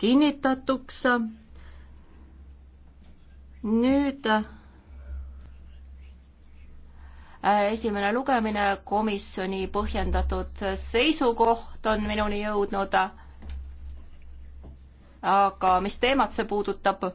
kinnitatuks. nüüd äh, esimene lugemine, komisjoni põhjendatud seisukoht on minuni jõudnud. aga mis teemat see puudutab?